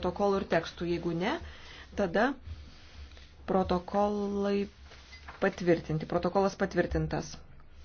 protokolų ir tekstų. Jeigu ne, tada protokolai patvirtinti. Protokolas patvirtintas.